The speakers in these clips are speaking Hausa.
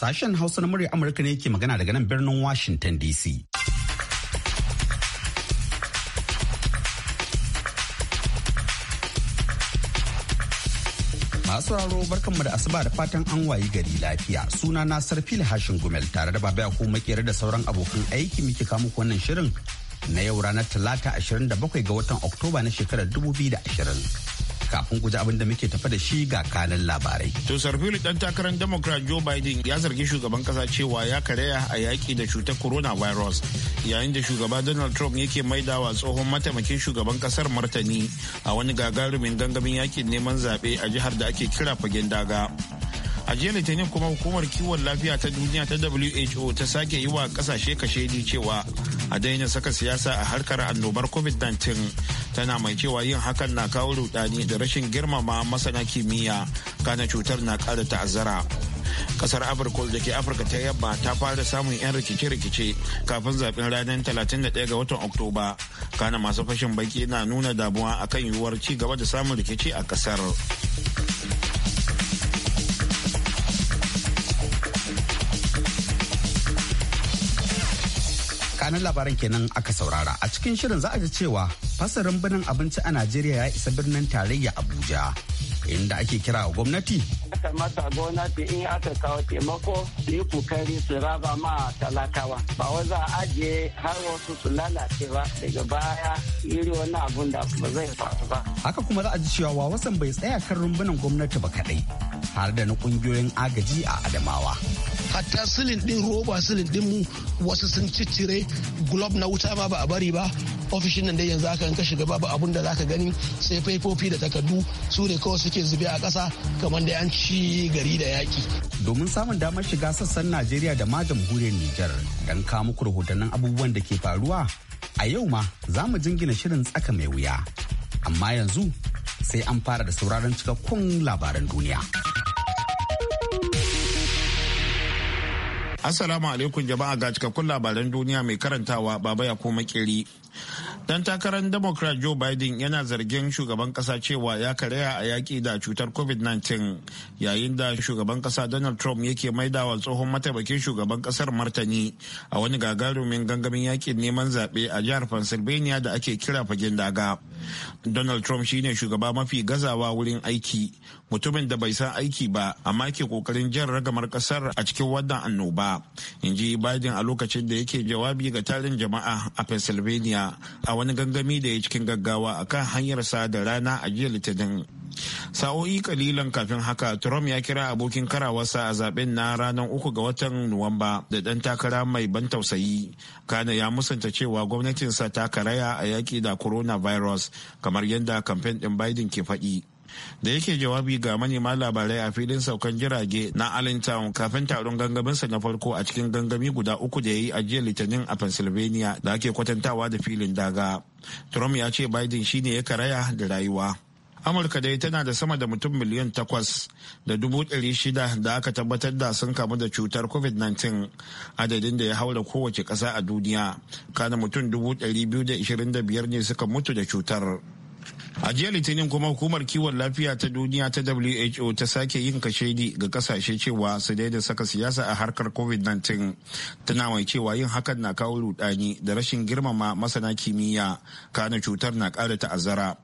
Sashen Hausa na murya Amurka ne ke magana daga nan birnin Washington DC. Masu raro barkanmu da asuba da fatan an wayi gari lafiya. Suna na Sarfil Hashin Gumel tare da Baba ko Makera da sauran abokan aiki muke kawo muku wannan shirin na yau ranar Talata 27 ga watan Oktoba na shekarar 2020. kafin guji abin da muke tafa da shi ga kanan labarai. To Sarfili dan takarar Democrat Joe Biden ya zargi shugaban kasa cewa ya karaya a yaki da cutar virus yayin da shugaba Donald Trump yake maidawa tsohon mataimakin shugaban kasar martani a wani gagarumin gangamin yakin neman zaɓe a jihar da ake kira fagen daga. a jiya litinin kuma hukumar kiwon lafiya ta duniya ta who ta sake yi wa kasashe kashedi cewa a daina saka siyasa a harkar annobar covid-19 tana mai cewa yin hakan na kawo rudani da rashin girmama masana kimiyya kana cutar na kara ta'azzara kasar afirka da ke afirka ta yamma ta fara samun 'yan rikice-rikice kafin zaben ranar 31 ga watan oktoba kana masu fashin baki na nuna damuwa akan yiwuwar ci gaba da samun rikici a kasar kanan labaran kenan aka saurara a cikin shirin za a ji cewa fasarin birnin abinci a najeriya ya isa birnin tarayya abuja inda ake kira wa gwamnati. Ya kamata gwamnati in aka kawo taimako su yi kokari su raba ma talakawa. Ba wa za a ajiye har wasu su lalace ba daga baya iri wani abun da ba zai faru ba. Haka kuma za a ji cewa wasan bai tsaya kan rumbunan gwamnati ba kaɗai. har da na kungiyoyin agaji a adamawa hatta silin din roba silin din mu wasu sun ciccire gulob na wuta ma ba a bari ba ofishin nan da yanzu aka in ka shiga babu abun da zaka gani sai faifofi da takardu su ne kawai suke zube a ƙasa kamar da an ci gari da yaki domin samun damar shiga sassan najeriya da ma jamhuriyar nijar don kawo muku rahotannin abubuwan da ke faruwa a yau ma za mu jingina shirin tsaka mai wuya amma yanzu sai an fara da sauraron cikakkun labaran duniya. Assalamu alaikum jama'a ga cikakkun labaran duniya mai karantawa baba ya koma Dan takarar Democrat Joe Biden yana zargin shugaban kasa cewa ya karaya a yaƙi da cutar COVID-19 yayin da shugaban kasa Donald Trump yake maidawa tsohon mataimakin shugaban kasar martani a wani gagarumin gangamin yaƙin neman zaɓe a jihar Pennsylvania da ake kira fagen daga. Donald Trump shine shugaba mafi gazawa wurin aiki, mutumin da bai san aiki ba amma ke kokarin jan ragamar kasar a cikin wannan annoba. In ji Biden a lokacin da yake jawabi ga tarin jama'a a Pennsylvania wani gangami da ya cikin gaggawa a kan hanyarsa da rana a jiya litinin sa'o'i kalilan kafin haka trump ya kira abokin karawarsa a zaben na ranar uku ga watan nuwamba da dan takara mai ban tausayi kana ya musanta cewa gwamnatinsa ta karaya a yaki da coronavirus kamar yadda kamfen din biden ke faɗi da yake jawabi ga manema labarai a filin saukan jirage na allentown kafin taron gangaminsa na farko a cikin gangami guda uku da ya yi a jiya litinin a pennsylvania da ake kwatantawa da filin daga trump ya ce biden shine ya karaya da rayuwa amurka dai tana da sama da mutum miliyan takwas da dubu ɗari shida da aka tabbatar da sun kamu da cutar covid-19 adadin da ya haura kowace ƙasa a duniya kana mutum dubu ɗari biyu da ishirin da biyar ne suka mutu da cutar a jiya litinin kuma hukumar kiwon lafiya ta duniya ta who ta sake yin kashedi ga kasashe cewa su daida saka siyasa a harkar covid-19 tana mai cewa yin hakan na kawo rudani da rashin girmama masana kimiyya kana cutar na ƙara ta'azzara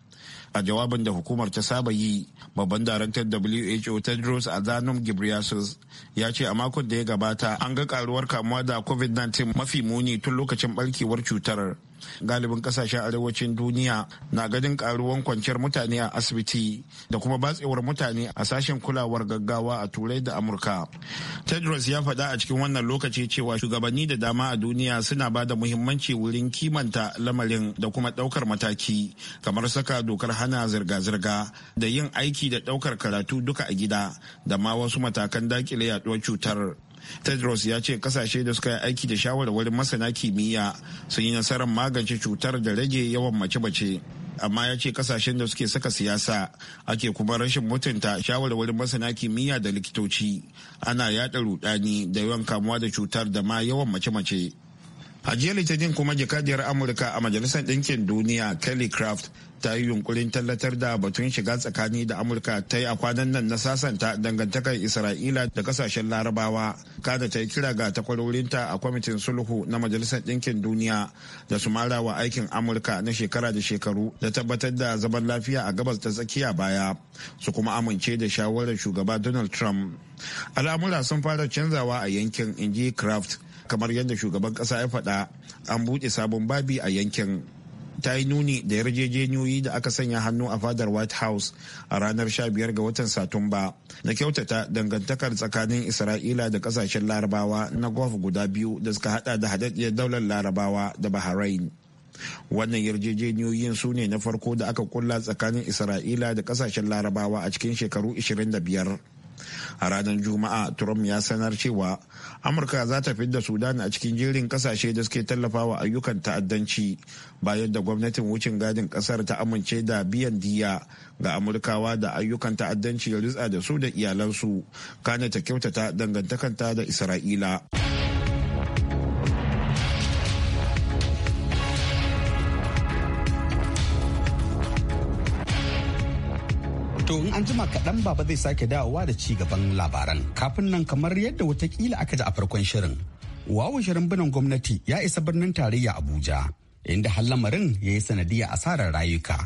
a jawabin da hukumar ta saba yi babban daraktar who tedros adhanom ghebreyesus ya ce a makon da ya gabata an ga karuwar kamuwa da covid-19 mafi muni tun lokacin ɓarkewar cutar galibin kasashen arewacin duniya na ganin karuwan kwanciyar mutane a asibiti da kuma batsewar mutane a sashen kulawar gaggawa a turai da amurka tedros ya faɗa a cikin wannan lokaci cewa shugabanni da dama a duniya suna ba da muhimmanci wurin kimanta lamarin da kuma ɗaukar mataki kamar saka dokar hana zirga-zirga da yin aiki da ɗaukar karatu duka a gida da ma wasu matakan dakile yaɗuwar cutar tedros ya ce kasashe da suka yi aiki da shawarwarin masana kimiyya sun yi nasarar magance cutar da rage yawan mace-mace amma ya ce kasashen da suke saka siyasa ake kuma rashin mutunta shawarwarin masana kimiyya da likitoci ana yada rudani da yawan kamuwa da cutar da ma yawan mace-mace a jiya litinin kuma jakadiyar amurka a majalisar ɗinkin duniya kelly craft ta yi yunkurin tallatar da batun shiga tsakani da amurka ta yi a kwanan nan na sasanta dangantakar isra'ila da kasashen larabawa kada ta yi kira ga takwarorinta a kwamitin sulhu na majalisar ɗinkin duniya da su wa aikin amurka na shekara da shekaru da tabbatar da zaman lafiya a gabas ta tsakiya baya su kuma amince da shawarar shugaba donald trump al'amura sun fara canzawa a yankin inji craft kamar yadda shugaban kasa ya faɗa an buɗe sabon babi a yankin ta yi nuni da yarjejeniyoyi da aka sanya hannu a fadar white house a ranar 15 ga watan satumba na kyautata dangantakar tsakanin isra'ila da kasashen larabawa na gulf guda biyu da suka hada da hadaddiyar daular larabawa da bahrain wannan yarjejeniyoyin su ne na farko da aka kulla tsakanin isra'ila da kasashen larabawa a cikin shekaru 25 a ranar juma'a trump ya sanar cewa amurka za ta fidda sudan a cikin jerin kasashe da suke tallafawa ayyukan ta'addanci bayan da gwamnatin wucin gadin kasar ta amince da biyan diya ga amurkawa da ayyukan ta'addanci ya da su da iyalansu kana ta kyautata dangantakanta da isra'ila in an jima kaɗan baba zai sake dawowa da ci gaban labaran kafin nan kamar yadda watakila aka ji a farkon shirin wawo shirin binan gwamnati ya isa birnin tarayya abuja inda har lamarin ya yi sanadiyar asarar rayuka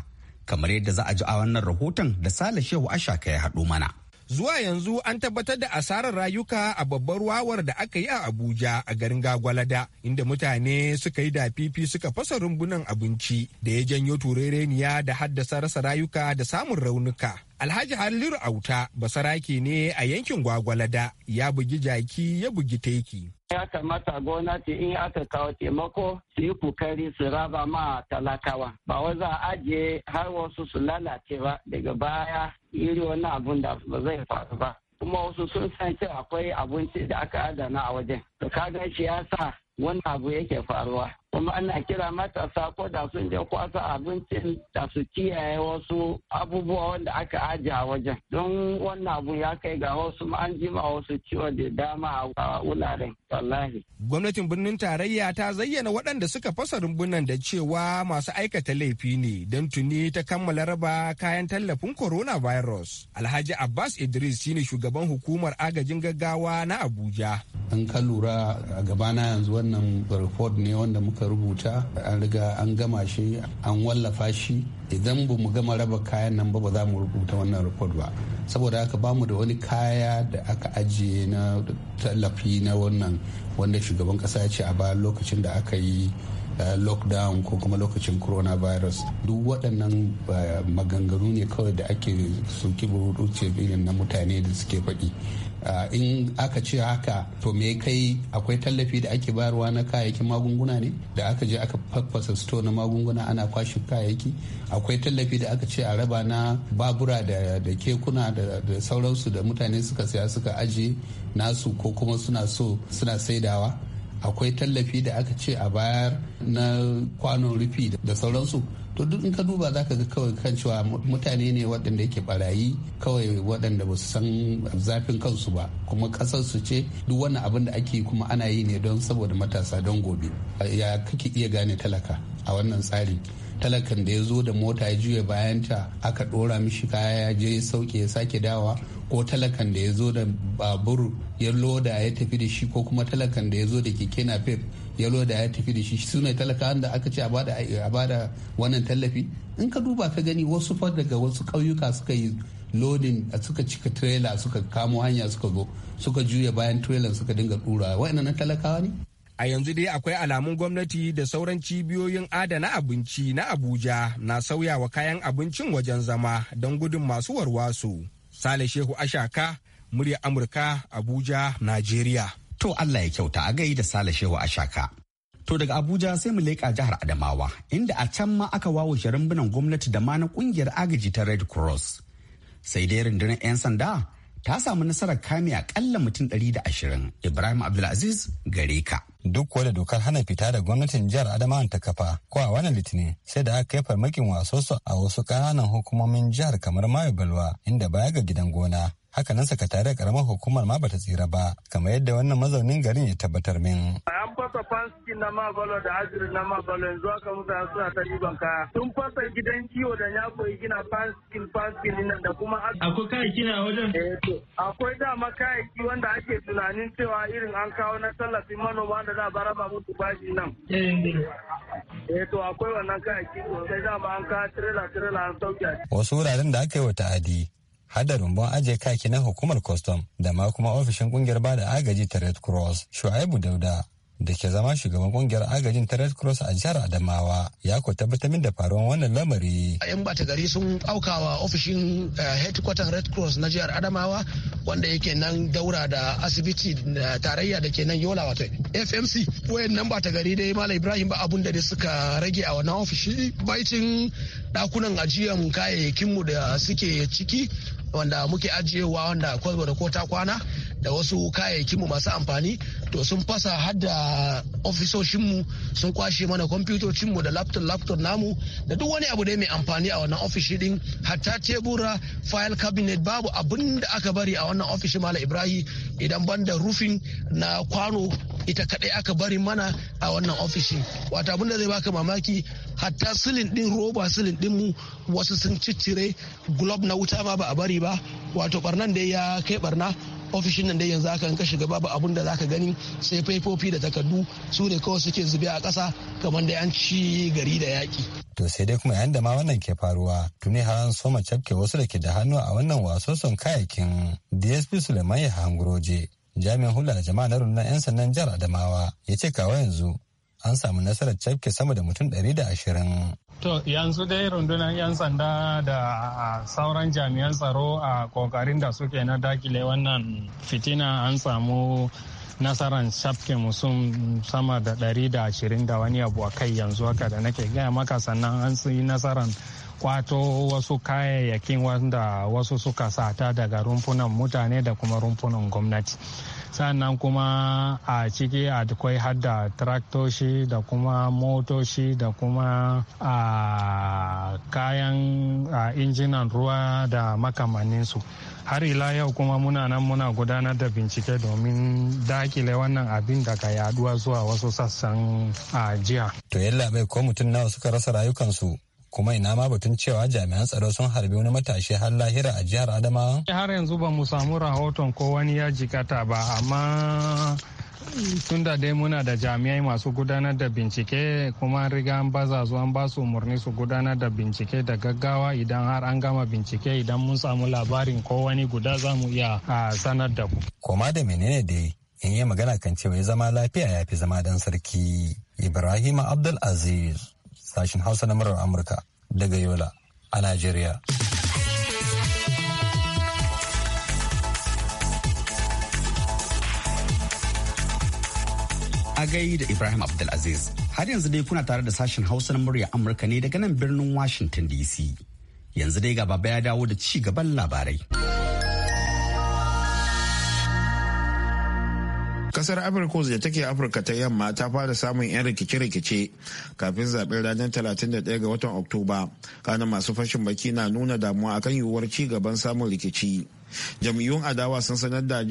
kamar yadda za a ji a wannan rahoton da sale shehu ashaka ya haɗo mana zuwa yanzu an tabbatar da asarar rayuka a babbar wawar da aka yi a abuja a garin gagwalada inda mutane suka yi dafifi suka fasa rumbunan abinci da ya janyo turereniya da haddasa rasa rayuka da samun raunuka alhaji halilu auta basarake ne a yankin gwagwalada ya bugi jaki ya bugi teki ya kamata gwamnati in aka kawo taimako su yi kokari su raba ma talakawa ba wai za a ajiye har wasu su lalace ba daga baya iri wani abun da ba zai faru ba kuma wasu sun san cewa akwai abinci da aka adana a wajen to kaga shi ya sa wani abu yake faruwa kuma ana kira matasa ko da sun je kwasa abincin da su kiyaye wasu abubuwa wanda aka ajiye a wajen don wannan abu ya kai ga wasu an jima wasu ciwo da dama a wuraren wallahi. Gwamnatin birnin tarayya ta zayyana waɗanda suka fasa rumbunan da cewa masu aikata laifi ne don tuni ta kammala raba kayan tallafin coronavirus. Alhaji Abbas Idris shine shugaban hukumar agajin gaggawa na Abuja. An ka lura a gabana yanzu wannan report ne wanda muka muka rubuta an riga an gama shi an wallafa shi idan ba mu gama raba kayan nan ba ba za mu rubuta wannan report ba saboda haka ba mu da wani kaya da aka ajiye na tallafi na wannan wanda shugaban kasa ce a bayan lokacin da aka yi eh, lockdown ko kuma lokacin coronavirus duk waɗannan eh, maganganu ne kawai da ake suke burutu ce na mutane da suke faɗi Uh, in aka ce haka to me kai akwai tallafi da ake bayarwa na kayayyakin magunguna ne da aka je aka faffasa sto na magunguna ana kwashe kayayyaki akwai tallafi da aka ce a raba na babura da kekuna da sauransu da mutane suka saya suka ajiye nasu ko kuma suna so suna saidawa akwai tallafi da aka ce a bayar na kwanon rufi da sauransu to duk in ka duba za ka ga kawai kan cewa mutane ne waɗanda yake barayi kawai waɗanda ba su san zafin kansu ba kuma ƙasar su ce duk wani abin da ake kuma ana yi ne don saboda matasa don gobe ya kake iya gane talaka a wannan tsari talakan da ya zo da mota ya juya ta aka ɗora mishi kaya ya je ya sauke ya sake dawa ko talakan da ya zo da babur ya loda ya tafi da shi ko kuma talakan da ya zo da keke napep ya da ya tafi da shi su ne talakawan da aka ce a bada wannan tallafi in ka duba ka gani wasu fa daga wasu ƙauyuka suka yi lodin a suka cika trailer suka kamo hanya suka zo suka juya bayan trailer suka dinga dura wa'annan talakawa ne a yanzu dai akwai alamun gwamnati da sauran cibiyoyin adana abinci na abuja na sauyawa kayan abincin wajen zama don gudun masu warwaso sale shehu ashaka murya amurka abuja najeriya To Allah ya kyauta a gai da Sale Shehu a shaka. To daga Abuja sai mu leƙa jihar Adamawa inda a can ma aka wawashe rumbunan gwamnati da ma na kungiyar agaji ta Red Cross. Sai dai rundunar 'yan sanda ta samu nasarar kame akalla mutum ɗari da ashirin. Ibrahim Abdulaziz gare ka. Duk da dokar hana fita da gwamnatin jihar Adamawa ta kafa ko a wani litinin sai da aka kai farmakin wasosu a wasu ƙananan hukumomin jihar kamar Mayo Balwa inda baya ga gidan gona hakanan sakatare karamar hukumar ma bata tsira ba kamar yadda wannan mazaunin garin ya tabbatar min. an fasa fansikin na mabalo da ajiri na mabalo yanzu haka mutane suna ta riban kaya Tun fasa gidan kiwo da ya koyi gina fansikin fansikin nan da kuma akwai kayayyaki na wajen eh, akwai dama kayayyaki wanda ake tunanin cewa irin an kawo na tallafin manoma da za a ba musu bashi nan. Eh. eh to akwai wannan kayayyaki sosai dama an kawo tirela tirela an sauke. wasu wuraren da aka yi wa ta'adi har da rumbun ajiye kaki na hukumar kwastam da ma kuma ofishin kungiyar bada agaji ta red cross shu'aibu dauda da ke zama shugaban kungiyar agajin ta red cross a jihar adamawa ya ko min da faruwar wannan lamari yan bata gari sun aukawa ofishin eh, headquarter red cross na jihar adamawa wanda yake nan daura da asibiti eh, tarayya da ke nan yola wato fmc wayan nan bata gari dai malam ibrahim ba abun da suka rage a wannan ofishi baitin dakunan ajiyan kayayyakinmu da suke ciki wanda muke ajiyewa wanda ko da ko kwana da wasu mu masu amfani to sun fasa har da ofisoshinmu sun kwashe mana kwamfutocinmu da laptop laptop namu da duk wani abu dai mai amfani a wannan ofishi din hatta tebura file cabinet babu abin da aka bari a wannan ofishi mala ibrahim idan ban da rufin na kwano ita kadai aka bari mana a wannan ofishi wata abin da zai baka mamaki hatta silin din roba silin din mu wasu sun ciccire glob na wuta ma ba a bari ba wato barnan da ya kai barna ofishin nan dai yanzu aka kan shiga babu abun da zaka gani sai faifofi da takardu su ne kawai suke zube a ƙasa kamar da an ci gari da yaƙi. To sai dai kuma yayin da ma wannan ke faruwa tuni har an soma cafke wasu da ke da hannu a wannan wasoson kayayyakin DSP Suleiman Yahanguroje jami'in hula da jama'a na rundunar 'yan sandan jihar Adamawa ya ce kawo yanzu an samu nasarar cafke sama da mutum ɗari da ashirin. To yanzu dai rundunar 'yan sanda da sauran jami'an tsaro a kokarin da suke na dakile wannan fitina an samu nasarar shafke musum sama da dari da wani abu a kai yanzu haka da nake gaya maka sannan an yi nasarar kwato wasu kayayyakin wanda wasu suka sata daga rumfunan mutane da kuma rumfunan gwamnati. sannan kuma a ciki a akwai hadda traktoshi da kuma motoshi da kuma a kayan injinan ruwa da su har ila yau kuma muna nan muna gudanar da bincike domin dakile wannan abin daga yaduwa zuwa wasu sassan a jiya to yalla bai ko mutum nawa suka rasa rayukansu kuma ina ma batun cewa jami'an tsaro sun harbi wani matashi har lahira a jihar adamawa eh, har yanzu ba mu samu rahoton ko wani ya jikata ba amma tun da dai muna da jami'ai masu gudanar da bincike kuma riga an baza su an ba su umarni su gudanar da bincike da gaggawa idan har an gama bincike idan mun samu labarin ko wani guda za mu iya sanar da ku. koma da menene dai in yi magana kan cewa ya zama lafiya ya fi zama dan sarki ibrahim abdul aziz sashen Hausa na murar Amurka daga Yola a Najeriya. Agai da Ibrahim Abdulaziz. Har yanzu dai kuna tare da sashen Hausa na murya Amurka ne daga nan birnin Washington DC. Yanzu dai gaba ya dawo da ci gaban labarai. kasar afirka da take afirka ta yamma ta fara samun 'yan rikice-rikice kafin zaben ranar 31 ga watan oktoba kanan masu fashin baki na nuna damuwa akan yiwuwar ci gaban samun rikici jam'iyyun adawa sun sanar da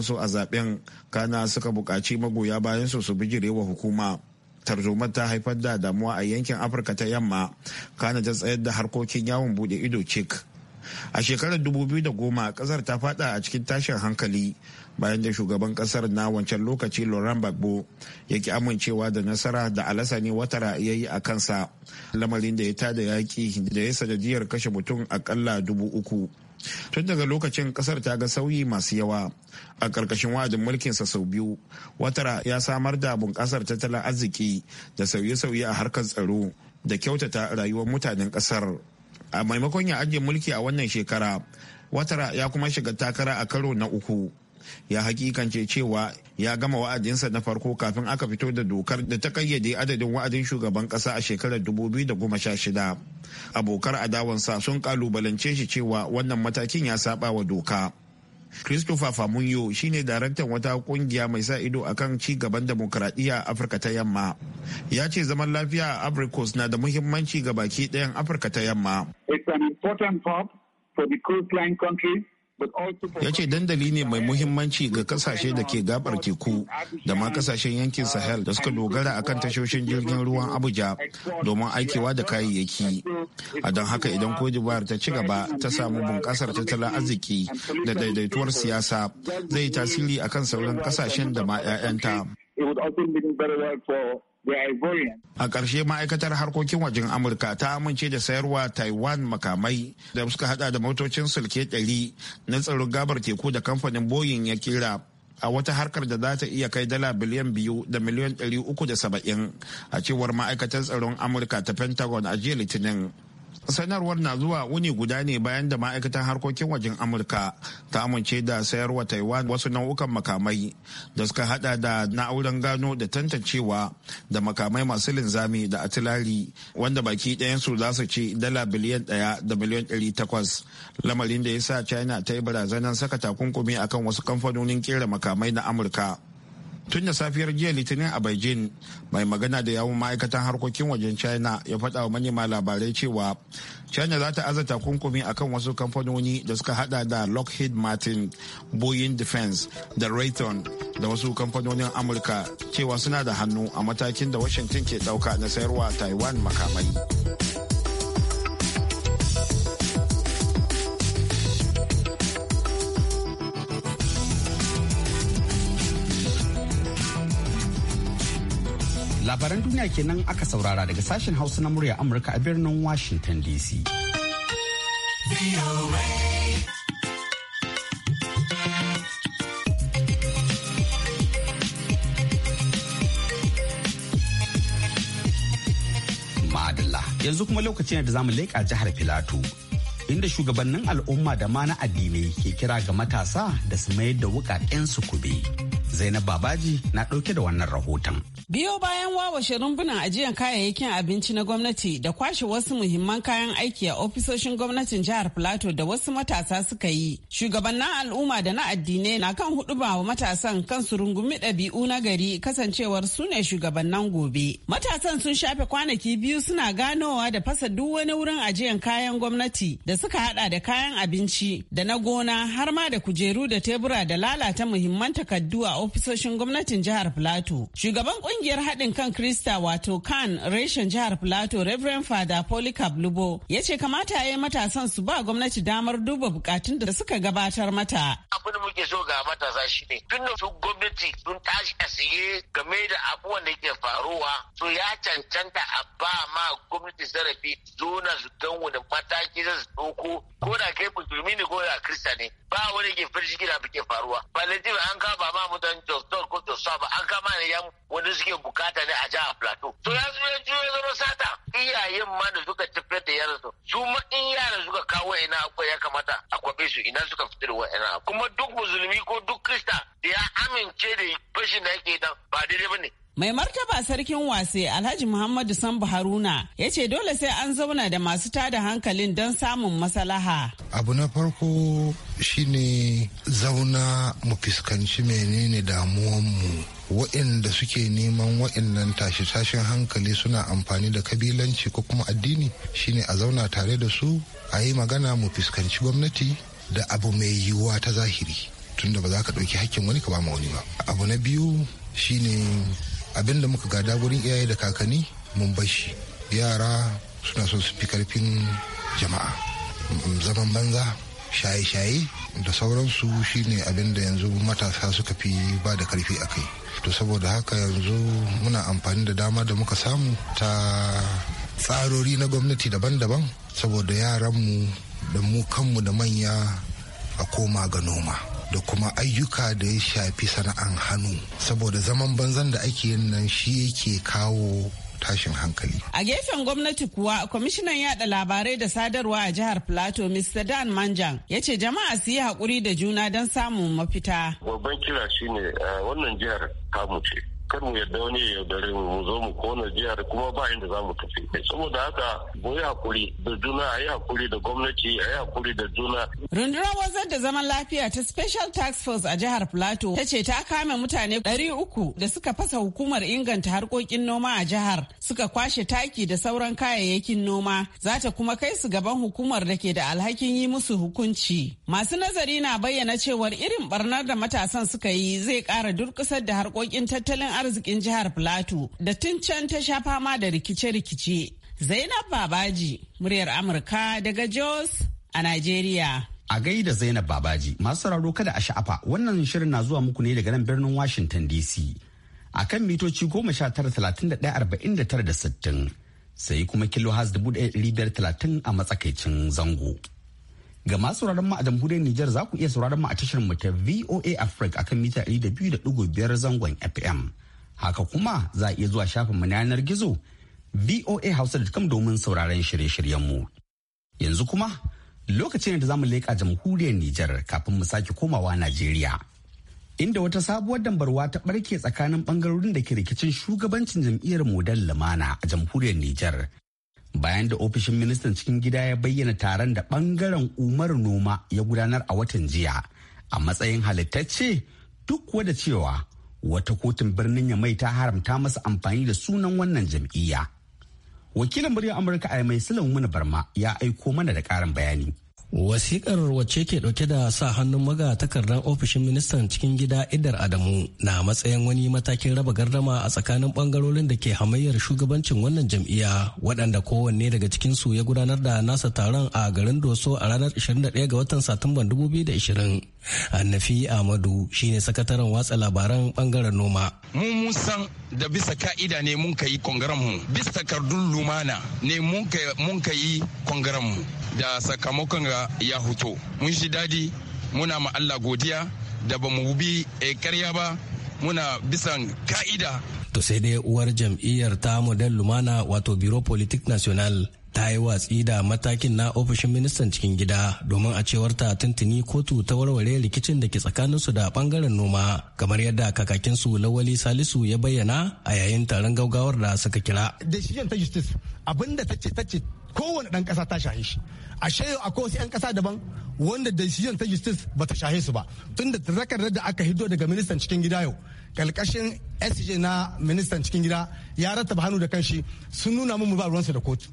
su a zaben kana suka buƙaci magoya bayan su su bijirewa hukuma tarzomar ta haifar da damuwa a yankin afirka ta yamma kana ta tsayar da harkokin yawon bude ido cik a shekarar 2010 kasar ta fada a cikin tashin hankali bayan da shugaban kasar na wancan lokaci laurent gbagbo ya ki amincewa da nasara da alasani watara ya yi a kansa lamarin da ya tada yaƙi da ya sanadiyar kashe mutum akalla dubu uku tun daga lokacin kasar ta ga sauyi masu yawa a ƙarƙashin wa'adin mulkinsa sau biyu watara ya samar da bunƙasar tattalin arziki da sauye-sauye a harkar tsaro da kyautata rayuwar mutanen ƙasar a maimakon ya ajiye mulki a wannan shekara watara ya kuma shiga takara a karo na uku ya hakikance cewa ya gama wa'adinsa na farko kafin aka fito da dokar da ta kayyade adadin wa'adin shugaban kasa a shekarar 2016 abokar adawansa sun kalubalance shi cewa wannan matakin ya saba wa doka christopher famunyo shine daraktan wata kungiya mai sa ido akan ci gaban demokradiyya a afirka ta yamma ya ce zaman lafiya a africos na da muhimmanci ga baki ɗayan afirka ta yamma it's an important hub for the coastline countries ya ce dandali ne mai muhimmanci ga kasashe da ke gabar teku da ma kasashen yankin sahel da suka dogara a kan tashoshin jirgin ruwan abuja domin aikewa da kayayyaki a don haka idan kodibar ta ci gaba ta samu bunƙasar tattalin arziki da daidaituwar siyasa zai tasiri akan sauran kasashen da ma 'ya'yanta A ƙarshe ma'aikatar harkokin wajen Amurka ta amince da sayarwa Taiwan makamai da suka hada da motocin sulke ɗari na tsaron gabar teku da kamfanin Boeing ya kira a wata harkar da za ta iya kai dala biliyan biyu da miliyan ɗari uku da saba'in a cewar ma'aikatar tsaron Amurka ta Pentagon a jiya Litinin sanarwar na zuwa wuni guda ne bayan da ma'aikatan harkokin wajen amurka ta amince da sayarwa taiwan wasu nau'ukan makamai da suka hada da na'urar gano da tantancewa da makamai masu linzami da atilari wanda baki ɗayansu za su ci dala biliyan ɗaya da miliyan ɗari takwas lamarin da ya sa china ta yi barazanar saka takunkumi akan wasu kamfanonin kera makamai na amurka tun da safiyar jiya litinin a beijing mai magana da yawun ma'aikatan harkokin wajen china ya faɗa wa manema labarai cewa china za ta aza takunkumi akan wasu kamfanoni da suka hada da lockheed martin boeing defense da raytheon da wasu kamfanonin amurka cewa suna da hannu a matakin da washington ke ɗauka na sayarwa taiwan makamai labaran duniya kenan aka saurara daga sashen hausa na murya amurka a birnin washington dc yanzu kuma lokacin da zamu leƙa jihar filato inda shugabannin al'umma da ma na addinai ke kira ga matasa da su mayar da su kube. Zainab Babaji na ɗauke da wannan rahoton. Biyo bayan wawashe rumbunan ajiyar kayayyakin abinci na gwamnati da kwashe wasu muhimman kayan aiki a ofisoshin gwamnatin jihar Plateau da wasu matasa suka yi. Shugabannin al'umma da na addinai na kan huduba wa matasan kansu rungumi ɗabi'u na gari kasancewar su ne shugabannin gobe. Matasan sun shafe kwanaki biyu suna ganowa da fasa duk wani wurin ajiyar kayan gwamnati da suka hada da kayan abinci da na gona har ma da kujeru da tebura da lalata muhimman takardu a ofisoshin gwamnatin jihar Filato. Shugaban kungiyar haɗin kan Krista wato kan reshen jihar Filato Reverend Father Polycarp Lubo ya ce kamata ya yi matasan su ba gwamnati damar duba bukatun da suka gabatar mata. Abin muke so ga matasa shi ne tun su gwamnati sun tashi a siye game da abubuwan da ke faruwa su ya cancanta a ba ma gwamnati zarafi zona su don wani mataki zan su ɗauko ko da kai musulmi ne ko da krista ne ba wani ke firshi gida ke faruwa. Ba an kaba ma mutane nan ko Jos Saba an kama ne yan wanda suke bukata ne a jihar Plateau. To ya zo ya zama sata iyayen ma da suka tafiyar da yaran su su ma in yaran suka kawo ina akwai ya kamata a kwabe su ina suka fitar wa ina kuma duk musulmi ko duk krista da ya amince da fashin da yake dan ba daidai bane. Mai martaba sarkin wase Alhaji Muhammadu Sambu Haruna ya ce dole sai an zauna da masu tada hankalin don samun masalaha. Abu na farko shine zauna mu fuskanci menene damuwan damuwanmu waɗanda suke neman waɗannan tashe-tashen hankali suna amfani da kabilanci ko kuma addini shine a zauna tare da su a yi magana mu fuskanci gwamnati da abu mai yiwuwa ta zahiri tunda ba za ka ɗauki hakkin wani ka ba wani ba abu na biyu shine abin da muka gada wurin iyaye da kakanni mun bashi yara suna son su fi karfin jama'a zaman banza shaye-shaye da sauransu shine abin da yanzu matasa suka fi ba da karfi a kai to saboda haka yanzu muna amfani da dama da muka samu ta tsarori na gwamnati daban-daban saboda yaranmu da mu kanmu da manya a koma ga noma da kuma ayyuka da ya shafi sana'an hannu saboda zaman banzan da ake yin nan shi yake kawo tashin hankali. A gefen gwamnati kuwa kwamishinan yada labarai da sadarwa a jihar Plateau Mr. Dan Manjan ya ce jama'a su yi haƙuri da juna don samun mafita. Babban kira shine eh, wannan jihar kamu ce. kar mu yarda wani ya yaudare mu mu zo mu kona jihar kuma ba inda za mu tafi saboda haka bo ya hakuri da juna a yi hakuri da gwamnati a yi hakuri da juna. rundunar wazar da zaman lafiya ta special task force a jihar plateau ta ce ta kame mutane ɗari uku da suka fasa hukumar inganta harkokin noma a jihar suka kwashe taki da sauran kayayyakin noma za ta kuma kai su gaban hukumar da ke da alhakin yi musu hukunci masu nazari na bayyana cewar irin barnar da matasan suka yi zai ƙara durƙusar da harkokin tattalin arziki arzikin jihar Filato da tun can ta sha fama da rikice-rikice. Zainab Babaji, muryar Amurka daga Jos a Najeriya. A gaida Zainab Babaji, masu sauraro kada a sha'afa wannan shirin na zuwa muku ne daga nan birnin Washington DC. A kan mitoci goma sha tara talatin da ɗaya arba'in da tara da sittin. Sai kuma kilo has dubu ɗaya ɗari biyar talatin a matsakaicin zango. Ga masu sauraron mu a jamhuriyar Nijar za ku iya sauraron mu a tashar mu ta VOA Africa akan mita ɗari da biyu da ɗigo biyar zangon FM. Haka kuma za a iya zuwa shafin shafinmu na yanar gizo voahouse.com domin sauraron shirye-shiryenmu. Yanzu kuma lokaci ne da za mu leƙa jamhuriyar Nijar kafin mu sake komawa Najeriya. Inda wata sabuwar dambarwa ta ɓarke tsakanin ɓangarorin da ke rikicin shugabancin jam'iyyar Model Lumana a jamhuriyar Nijar. Bayan da ofishin ministan cikin gida ya bayyana taron da ɓangaren Umar Noma ya gudanar a watan jiya a matsayin halittacce duk wadda cewa wata kotun birnin mai ta haramta masa amfani da sunan wannan jam'iyya wakilin muryar amurka a mai silan barma ya aiko mana da ƙarin bayani Wasikar wacce ke dauke da sa hannun maga takardar ofishin ministan cikin gida Idar Adamu na matsayin wani matakin raba gardama a tsakanin bangarorin da ke hamayyar shugabancin wannan jam'iyya waɗanda kowanne daga cikinsu ya gudanar da nasa taron a garin Doso a ranar 21 ga watan Satumban 2020. Annafi amadu shine sakataren watsa labaran bangaren noma. Mu mun san da bisa ka'ida ne mun kai kongaren mu, bisa kardun lumana ne mun kai kongaren mu da sakamakon ga ya hoto mun shi dadi muna ma Allah godiya da ba mu bi karya eh, ba muna bisan ka'ida to sai dai uwar jam'iyyar ta model lumana wato biro politik national ta yi watsi da matakin na ofishin ministan cikin gida domin a cewar ta tuntuni kotu ta warware rikicin da ke tsakanin su da bangaren noma kamar yadda kakakin su lawali salisu ya bayyana a yayin taron gaugawar da suka kira abinda ta kowane ɗan ƙasa ta shahe shi a shayo a kowace yan ƙasa daban wanda decision ta justice ba ta shahe su ba tunda takardar da aka hido daga ministan cikin gida yau kalkashin sj na ministan cikin gida ya rattaba hannu da kanshi sun nuna mu ba ruwansu da kotu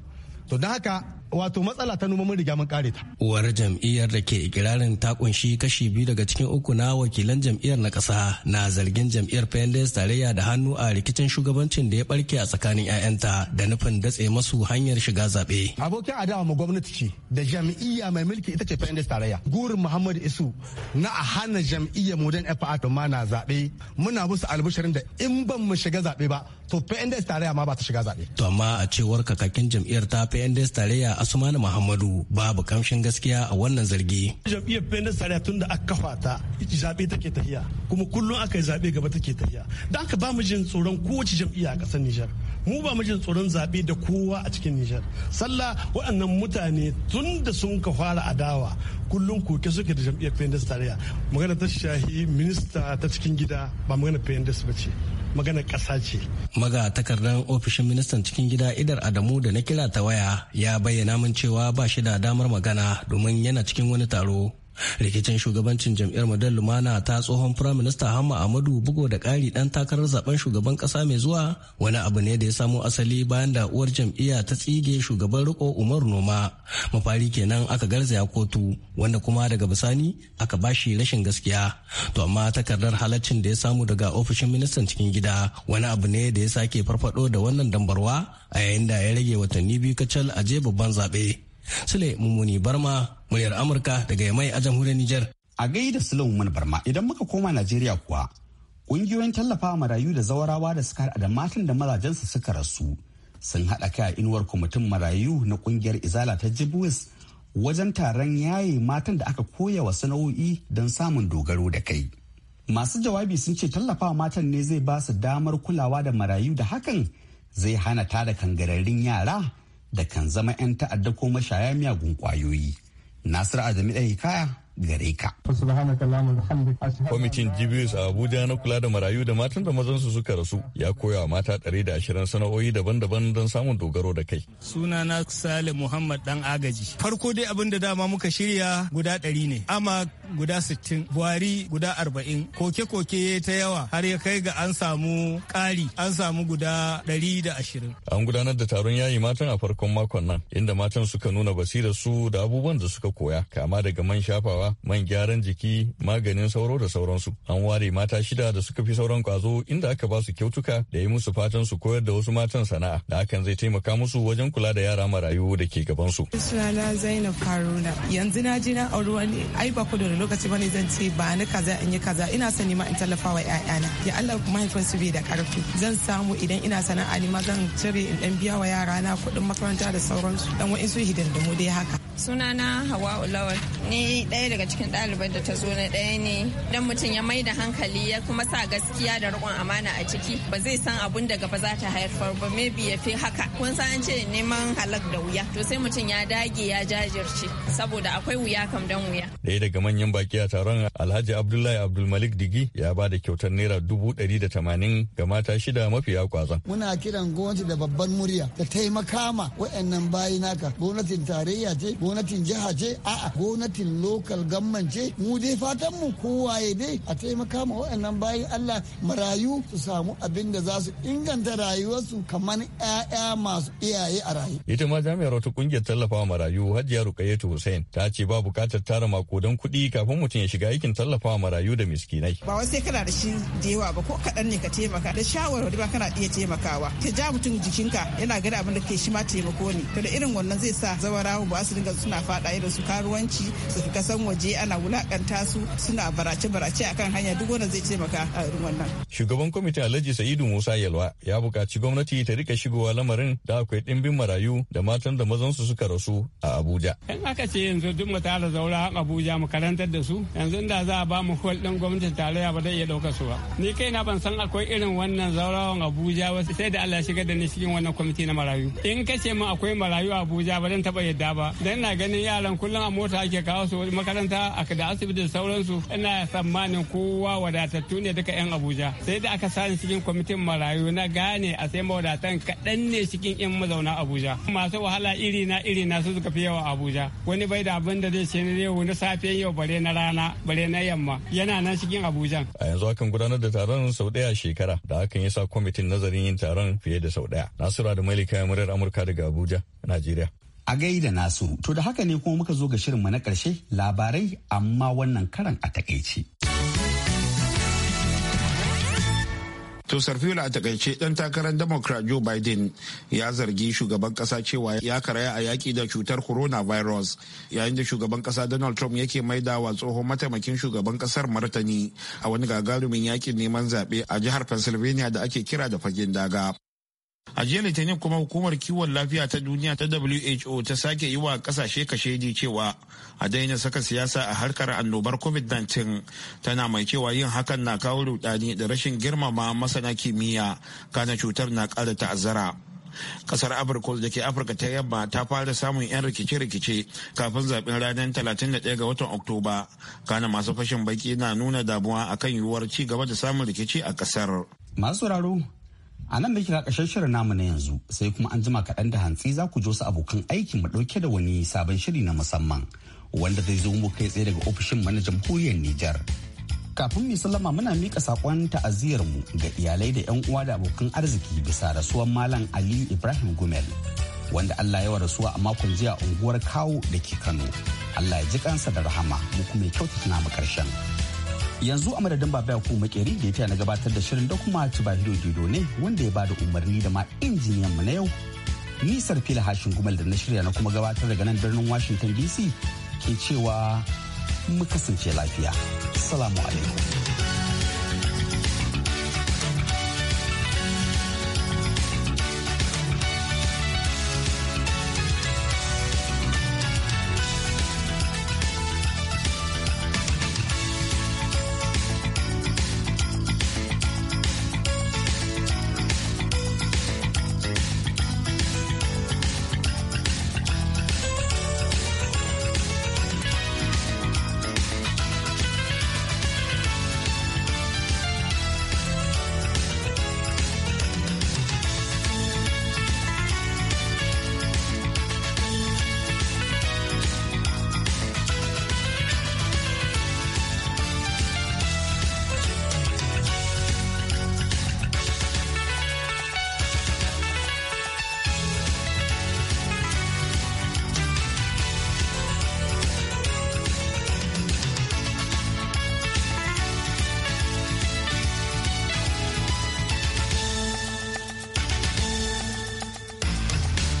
to don haka wato matsala ta numa mun riga mun kare ta. Uwar jam'iyyar da ke ikirarin ta kunshi kashi biyu daga cikin uku na wakilan jam'iyyar na ƙasa na zargin jam'iyyar PNDS tarayya da hannu a rikicin shugabancin da ya barke a tsakanin 'ya'yanta da nufin datse masu hanyar shiga zaɓe. Abokin adawa ma gwamnati ce da jam'iyya mai mulki ita ce PNDS tarayya. Gurin Muhammadu Isu na a hana jam'iyyar Modern FA ma na zaɓe muna musu albishirin da in ban mu shiga zaɓe ba to PNDS tarayya ma ba ta shiga zaɓe. To amma a cewar kakakin jam'iyyar ta PNDS tarayya asumani muhammadu babu kamshin gaskiya a wannan zargi jam'iyyar benin sariya tun da aka kafa ta zaɓe take tafiya kuma kullum aka yi zaɓe gaba take tafiya da aka ba mu jin tsoron kowace jam'iyya a ƙasar nijar mu ba mu jin tsoron zaɓe da kowa a cikin nijar sallah waɗannan mutane tun da sun ka fara adawa kullum koke suke da jam'iyyar benin sariya magana ta shahi minista ta cikin gida ba magana benin ba ce magana ƙasa ce. Maga takardar ofishin ministan cikin gida Idar Adamu da na kira ta waya ya bayyana min cewa ba shi da damar magana domin yana cikin wani taro. rikicin shugabancin jam'iyyar model lumana ta tsohon firaminista hamma amadu bugo da ƙari ɗan takarar zaben shugaban ƙasa mai zuwa wani abu ne da ya samo asali bayan da uwar jam'iyya ta tsige shugaban riko umar noma mafari kenan aka garzaya kotu wanda kuma daga bisani aka bashi rashin gaskiya to amma takardar halaccin da ya samu daga ofishin ministan cikin gida wani abu ne da ya sake farfado da wannan dambarwa a yayin da ya rage watanni biyu kacal a je babban zaɓe sule mummuni barma muryar amurka daga yamai a jamhuriyar niger a gaida sulaiman barma idan muka koma najeriya kuwa ƙungiyoyin tallafa marayu da zawarawa da suka da matan da mazajen su suka rasu sun haɗa kai a inuwar kwamitin marayu na ƙungiyar izala ta jibwis wajen taron yaye matan da aka koya wa sana'o'i don samun dogaro da kai. Masu jawabi sun ce tallafawa matan ne zai ba su damar kulawa da marayu da hakan zai hana ta da kangararrun yara da kan zama 'yan ta'adda ko mashaya miyagun kwayoyi. Nasir Adamu kaya? gare ka. Kwamitin GBS a Abuja na kula da marayu da matan da mazansu suka rasu ya koya wa mata ɗari da ashirin sana'o'i daban-daban don samun dogaro da kai. Sunana Sale Muhammad Dan Agaji. Farko dai abin da dama muka shirya guda ɗari ne. Ama guda sittin, buhari guda arba'in. Koke-koke ta yawa har ya kai ga an samu ƙari an samu guda ɗari da ashirin. An gudanar da taron yayi matan a farkon makon nan inda matan suka nuna basirar su da abubuwan da suka koya kama daga man shafawa man gyaran jiki maganin sauro da sauransu an ware mata shida da suka fi sauran kwazo inda aka ba su kyautuka da yi musu fatan su koyar da wasu matan sana'a da hakan zai taimaka musu wajen kula da yara marayu da ke gaban su sunana zainab haruna yanzu na je na auri wani ai ba ku da lokaci bane zan ce ba ni kaza in yi kaza ina son ma in tallafa wa ƴaƴana ya Allah mahaifin su bai da karfi zan samu idan ina sana'a ni ma zan cire in dan biya wa yara na kuɗin makaranta da sauransu dan wa'in su hidindimu dai haka sunana hawa ulawal ni ɗaya daga cikin ɗaliban da ta zo na ɗaya ne dan mutum ya mai da hankali ya kuma sa gaskiya da riƙon amana a ciki ba zai san abun daga ba za ta haifar ba maybe ya fi haka kun san ce neman halak da wuya to sai mutum ya dage ya jajirce saboda akwai wuya kam dan wuya. Ɗaya daga manyan baki a taron Alhaji Abdullahi Abdulmalik Digi ya ba da kyautar naira dubu ɗari da tamanin ga mata shida mafiya kwazan. Muna kiran gwamnati da babban murya ta taimaka ma wa'annan bayi naka gwamnatin tarayya ce gwamnatin jiha ce a'a gwamnatin lokal local mu dai fatan mu kowaye dai a taimaka ma waɗannan bayan Allah marayu su samu abin da za su inganta rayuwarsu kamar 'ya'ya masu iyaye a rayu. Ita ma jami'ar wata kungiyar tallafawa marayu Hajiya Rukayatu Hussein ta ce babu bukatar tara makodan kuɗi kafin mutum ya shiga aikin tallafawa marayu da miskinai. Ba wai sai kana da shi da yawa ba ko kaɗan ne ka taimaka da shawarwari ba kana iya taimakawa. Ka ja mutum jikinka yana gani abin da ke shi ma taimako ne. To da irin wannan zai sa zawarawa ba su dinga suna faɗa irin su karuwanci su fi kasan waje ana wulakanta su suna barace-barace akan hanya duk wanda zai taimaka a irin wannan. Shugaban kwamiti Alhaji Sa'idu Musa Yalwa ya bukaci gwamnati ta rika shigowa lamarin da akwai ɗimbin marayu da matan da mazan su suka rasu a Abuja. In aka ce yanzu duk mu zaura a Abuja mu karantar da su yanzu da za a ba mu hol ɗin gwamnati tarayya ba zai iya ɗauka su ba. Ni kai na ban san akwai irin wannan zaurawan Abuja ba sai da Allah ya shigar da ni cikin wannan kwamiti na marayu. In ka ce mu akwai marayu a Abuja ba zan taba yadda ba. Dan na ganin yaran kullum a mota ake kawo su makaranta makaranta a da asibiti sauransu ina tsammanin kowa wadatattu ne duka 'yan abuja sai da aka sani cikin kwamitin marayu na gane a sai mawadatan kaɗan ne cikin 'yan mazauna abuja masu wahala iri na iri na su suka fi yawa abuja wani bai da abin da zai ce ne yau na safe yau bare na rana bare na yamma yana nan cikin abuja a yanzu akan gudanar da taron sau ɗaya shekara da akan ya sa kwamitin nazarin yin taron fiye da sau ɗaya nasira da malika murar amurka daga abuja najeriya A gaida nasu, to da haka ne kuma muka zo ga shirinmu na karshe labarai amma wannan karan a takaice. To Sarfila a takaice ɗan takarar Democrat Joe Biden ya zargi shugaban ƙasa cewa ya karaya a yaƙi da cutar coronavirus yayin da shugaban ƙasa Donald Trump yake maidawa tsohon mataimakin shugaban ƙasar martani a wani gagarumin yaƙin neman zaɓe a jihar Pennsylvania da ake kira da fagen daga. A jiya Litinin kuma hukumar kiwon lafiya ta duniya ta WHO ta sake yi wa kasashe kashedi cewa a daina saka siyasa a harkar annobar COVID-19 tana mai cewa yin hakan na kawo rudani da rashin girmama masana kimiyya kana cutar na ƙara ta'azzara. Kasar Amurka da ke Afirka ta yamma ta fara samun 'yan rikice-rikice kafin zaɓen ranar 31 ga watan Oktoba. Kana masu fashin baki na nuna damuwa akan yiwuwar ci gaba da samun rikici a kasar. Masu sauraro. A nan muke ƙarshen shirin namu na yanzu sai kuma an jima kaɗan da hantsi za ku ji wasu abokan aiki mu ɗauke da wani sabon shiri na musamman wanda zai zo mu kai tsaye daga ofishin mana jamhuriyar Nijar. Kafin mu sallama muna mika saƙon ta'aziyar mu ga iyalai da 'yan uwa da abokan arziki bisa rasuwar Malam Ali Ibrahim Gumel wanda Allah ya rasuwa a makon jiya unguwar Kawo da ke Kano. Allah ya ji kansa da rahama mu kuma ya kyautata namu ƙarshen. yanzu a madadin baba ku makeri da ya na gabatar da shirin da kuma tubahiro dido ne wanda ya ba da umarni da ma injiniyan mu na yau nisar fila hashin gumal da na shirya na kuma gabatar daga nan birnin washington dc ke cewa mu kasance lafiya salamu alaikum